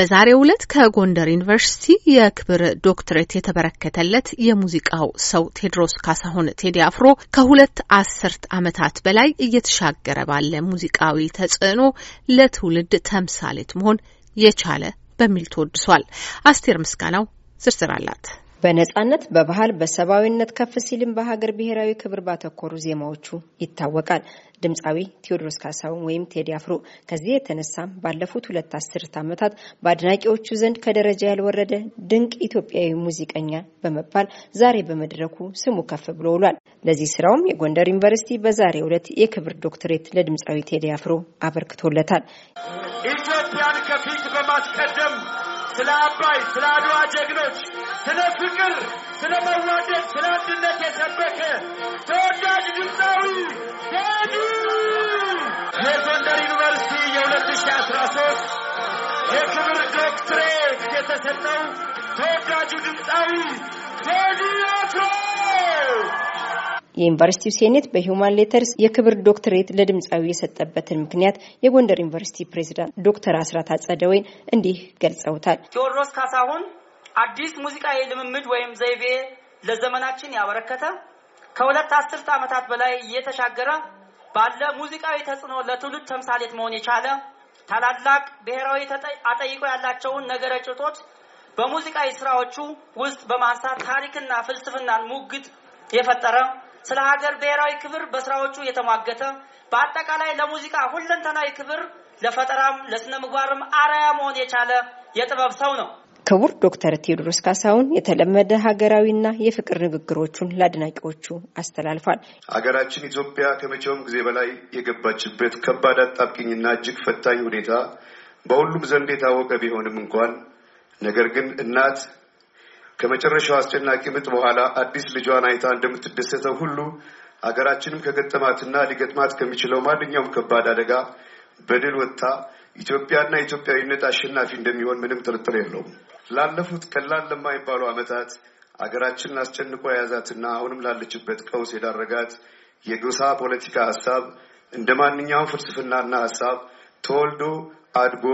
በዛሬው ዕለት ከጎንደር ዩኒቨርሲቲ የክብር ዶክትሬት የተበረከተለት የሙዚቃው ሰው ቴዎድሮስ ካሳሁን ቴዲ አፍሮ ከሁለት አስርት ዓመታት በላይ እየተሻገረ ባለ ሙዚቃዊ ተጽዕኖ ለትውልድ ተምሳሌት መሆን የቻለ በሚል ተወድሷል። አስቴር ምስጋናው ዝርዝር አላት። በነጻነት በባህል በሰብአዊነት ከፍ ሲልም በሀገር ብሔራዊ ክብር ባተኮሩ ዜማዎቹ ይታወቃል። ድምፃዊ ቴዎድሮስ ካሳሁን ወይም ቴዲ አፍሮ ከዚህ የተነሳ ባለፉት ሁለት አስርት ዓመታት በአድናቂዎቹ ዘንድ ከደረጃ ያልወረደ ድንቅ ኢትዮጵያዊ ሙዚቀኛ በመባል ዛሬ በመድረኩ ስሙ ከፍ ብሎ ውሏል። ለዚህ ስራውም የጎንደር ዩኒቨርሲቲ በዛሬ ዕለት የክብር ዶክትሬት ለድምፃዊ ቴዲ አፍሮ አበርክቶለታል። ኢትዮጵያን ከፊት በማስቀደም ስለ አባይ ስለ አድዋ ጀግኖች ስለ ፍቅር፣ ስለ መዋደድ፣ ስለ አንድነት የሰበከ ተወዳጅ ድምፃዊ ቴዲ የጎንደር ዩኒቨርሲቲ የ2013 የክብር ዶክትሬት የተሰጠው ተወዳጁ ድምፃዊ ቴዲ አፍሮ የዩኒቨርሲቲው ሴኔት በሂውማን ሌተርስ የክብር ዶክትሬት ለድምፃዊ የሰጠበትን ምክንያት የጎንደር ዩኒቨርሲቲ ፕሬዚዳንት ዶክተር አስራት አጸደወይን እንዲህ ገልጸውታል። ቴዎድሮስ ካሳሁን አዲስ ሙዚቃ ልምምድ ወይም ዘይቤ ለዘመናችን ያበረከተ ከሁለት አስርት ዓመታት በላይ እየተሻገረ ባለ ሙዚቃዊ ተጽዕኖ ለትውልድ ተምሳሌት መሆን የቻለ ታላላቅ ብሔራዊ አጠይቆ ያላቸውን ነገረ ጭቶች በሙዚቃዊ ስራዎቹ ውስጥ በማንሳት ታሪክና ፍልስፍናን ሙግት የፈጠረ ስለ ሀገር ብሔራዊ ክብር በስራዎቹ የተሟገተ በአጠቃላይ ለሙዚቃ ሁለንተናዊ ክብር ለፈጠራም ለስነ ምግባርም አርአያ መሆን የቻለ የጥበብ ሰው ነው። ክቡር ዶክተር ቴዎድሮስ ካሳሁን የተለመደ ሀገራዊና የፍቅር ንግግሮቹን ለአድናቂዎቹ አስተላልፏል። ሀገራችን ኢትዮጵያ ከመቼውም ጊዜ በላይ የገባችበት ከባድ አጣብቂኝና እጅግ ፈታኝ ሁኔታ በሁሉም ዘንድ የታወቀ ቢሆንም እንኳን ነገር ግን እናት ከመጨረሻው አስጨናቂ ምጥ በኋላ አዲስ ልጇን አይታ እንደምትደሰተው ሁሉ ሀገራችንም ከገጠማትና ሊገጥማት ከሚችለው ማንኛውም ከባድ አደጋ በድል ወጥታ ኢትዮጵያና ኢትዮጵያዊነት አሸናፊ እንደሚሆን ምንም ጥርጥር የለውም። ላለፉት ቀላል ለማይባሉ ዓመታት አገራችንን አስጨንቆ የያዛትና አሁንም ላለችበት ቀውስ የዳረጋት የጎሳ ፖለቲካ ሀሳብ እንደ ማንኛውም ፍልስፍናና ሀሳብ ተወልዶ አድጎ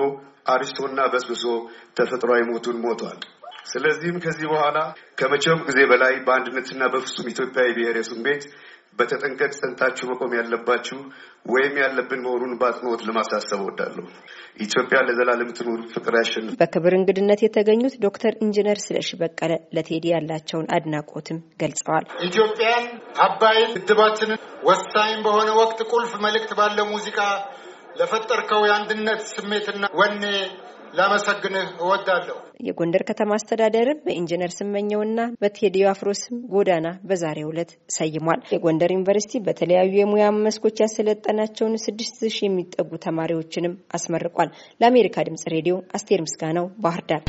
አሪስቶና በስብሶ ተፈጥሯዊ ሞቱን ሞቷል። ስለዚህም ከዚህ በኋላ ከመቼውም ጊዜ በላይ በአንድነትና በፍጹም ኢትዮጵያዊ ብሔር ቤት በተጠንቀቅ ጸንታችሁ መቆም ያለባችሁ ወይም ያለብን መሆኑን በአጽንኦት ለማሳሰብ እወዳለሁ። ኢትዮጵያ ለዘላለም ትኑር፣ ፍቅር ያሸንፍ። በክብር እንግድነት የተገኙት ዶክተር ኢንጂነር ስለሺ በቀለ ለቴዲ ያላቸውን አድናቆትም ገልጸዋል። ኢትዮጵያን፣ አባይን፣ ግድባችንን ወሳኝ በሆነ ወቅት ቁልፍ መልእክት ባለው ሙዚቃ ለፈጠርከው የአንድነት ስሜትና ወኔ ላመሰግንህ እወዳለሁ። የጎንደር ከተማ አስተዳደርም በኢንጂነር ስመኘውና በቴዲ አፍሮ ስም ጎዳና በዛሬው ዕለት ሰይሟል። የጎንደር ዩኒቨርሲቲ በተለያዩ የሙያ መስኮች ያሰለጠናቸውን ስድስት ሺህ የሚጠጉ ተማሪዎችንም አስመርቋል። ለአሜሪካ ድምጽ ሬዲዮ አስቴር ምስጋናው ባህር ዳር